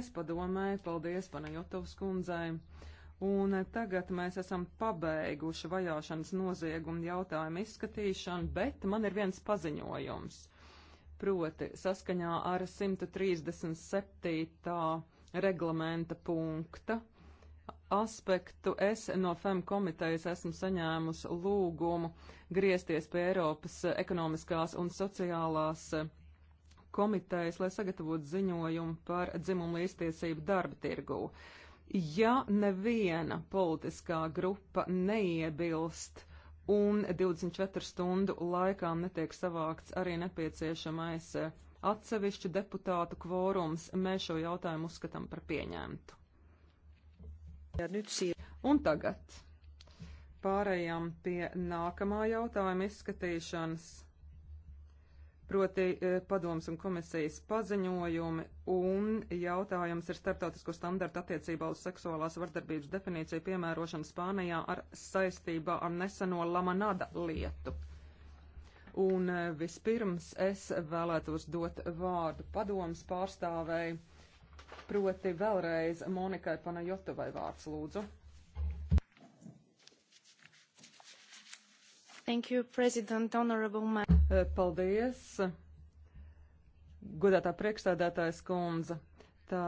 Paldies padomē, paldies Panajotovs kundzei. Un eh, tagad mēs esam pabeiguši vajāšanas noziegumu jautājumu izskatīšanu, bet man ir viens paziņojums. Proti, saskaņā ar 137. reglamenta punkta aspektu es no FEM komitejas esmu saņēmusi lūgumu griezties pie Eiropas ekonomiskās un sociālās komitejas, lai sagatavotu ziņojumu par dzimumu līdztiesību darba tirgū. Ja neviena politiskā grupa neiebilst un 24 stundu laikā netiek savākts arī nepieciešamais eh, atsevišķu deputātu kvorums, mēs šo jautājumu uzskatām par pieņemtu. Nu un tagad pārējām pie nākamā jautājuma izskatīšanas proti eh, padoms un komisijas paziņojumi, un jautājums ir starptautisko standartu attiecībā uz seksuālās vardarbības definīciju piemērošanu Spānijā ar saistībā ar neseno Lamanada lietu. Un eh, vispirms es vēlētos dot vārdu padoms pārstāvēji, proti vēlreiz Monikai Panajotovai vārds lūdzu. Thank you, President, Honorable Man. Eh, paldies, godātā priekšstādātājs kundze. Tā